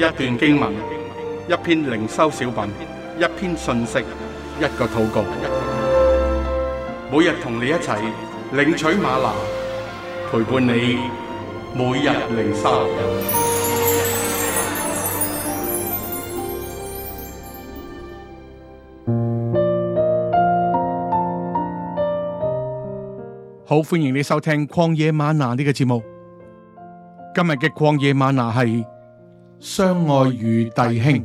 一段經文，一篇靈修小品，一篇信息，一個禱告。每日同你一齊領取嗎哪，陪伴你每日靈修。好，歡迎你收聽曠野嗎哪呢個這個節目。今日嘅曠野嗎哪係。相愛如弟兄。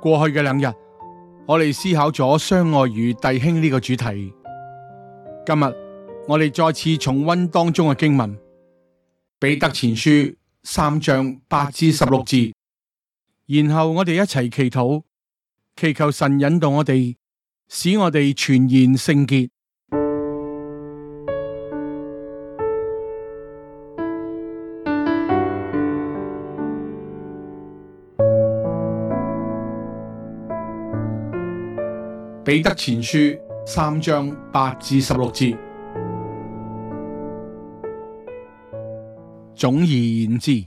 過去嘅兩日，我哋思考咗相愛如弟兄呢個主題。今日我哋再次重溫當中嘅經文《彼得前書》三章八至十六節。然後我哋一齊祈禱，祈求神引導我哋，使我哋全然聖潔。彼得前書三章八至十六節：「總而言之，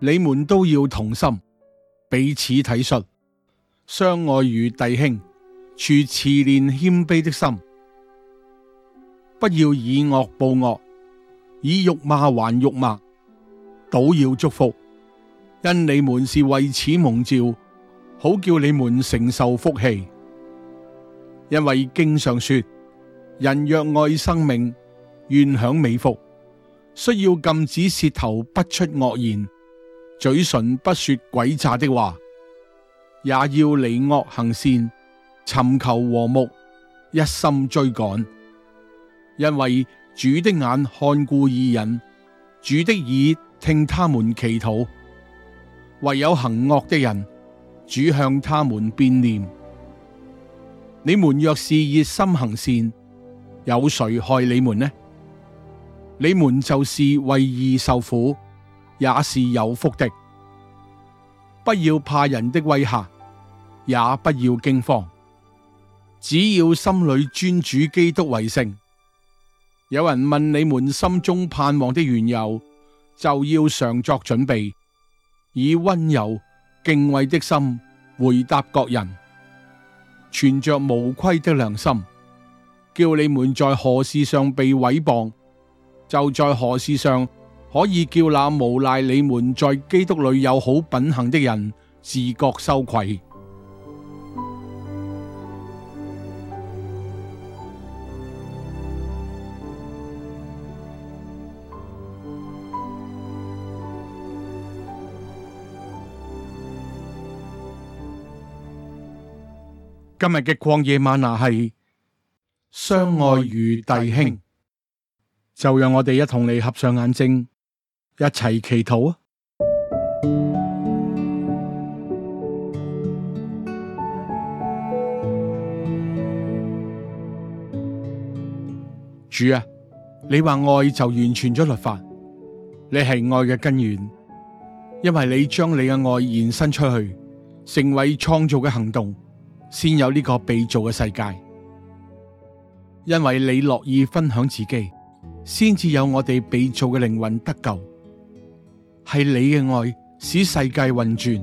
你們都要同心，彼此體恤，相愛如弟兄，存慈憐謙卑的心，不要以惡報惡，以辱罵還辱罵，倒要祝福，因你們是為此蒙召，好叫你們承受福氣。因為經上說，人若愛生命，願享美福，需要禁止舌頭不出惡言，嘴唇不說詭詐的話，也要離惡行善，尋求和睦，一心追趕。因為主的眼看顧義人，主的耳聽他們祈禱，唯有行惡的人，主向他們變臉。你們若是熱心行善，有誰害你們呢？你們就是為義受苦，也是有福的。不要怕人的威嚇，也不要驚慌，只要心裏尊主基督為聖。有人問你們心中盼望的緣由，就要常作準備，以溫柔敬畏的心回答各人。存着無虧的良心，叫你們在何事上被毀謗，就在何事上可以叫那無賴你們在基督裏有好品行的人自覺羞愧。今日嘅曠野嗎哪係相愛如弟兄，就讓我哋一同你合上眼睛，一齊祈禱啊！主啊，你話愛就完全咗律法，你係愛嘅根源，因為你將你嘅愛延伸出去，成為創造嘅行動。先有呢個被造嘅世界，因為你樂意分享自己，先至有我哋被造嘅靈魂得救。係你嘅愛使世界運轉，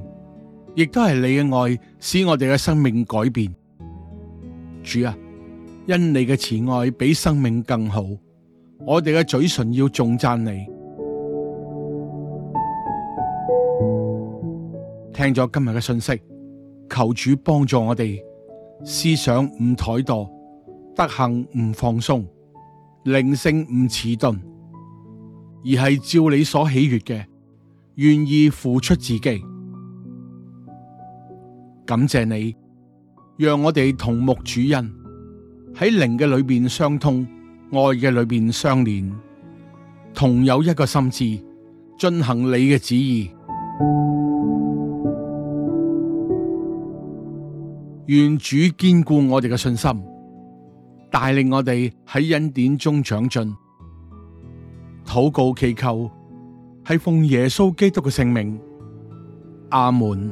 亦都係你嘅愛使我哋嘅生命改變。主啊，因你嘅慈愛比生命更好，我哋嘅嘴唇要頌讚你。聽咗今日嘅信息。求主幫助我哋思想唔怠惰，德行唔放鬆，靈性唔遲鈍，而係照你所喜悅嘅，願意付出自己。感謝你，讓我哋同牧主恩喺靈嘅裏面相通，愛嘅裏面相連，同有一個心智，進行你嘅旨意。願主堅固我哋嘅信心，帶領我哋喺恩典中長進。禱告祈求係奉耶穌基督嘅聖名，阿門。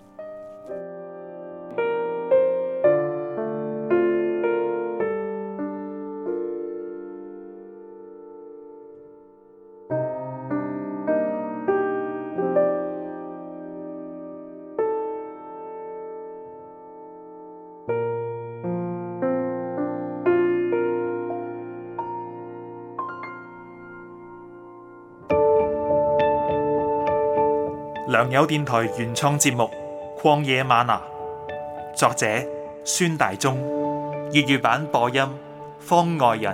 良友電台原創節目《曠野嗎哪》，作者孫大中，粵語版播音方外人，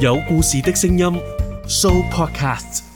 有故事的聲音，So Podcasts。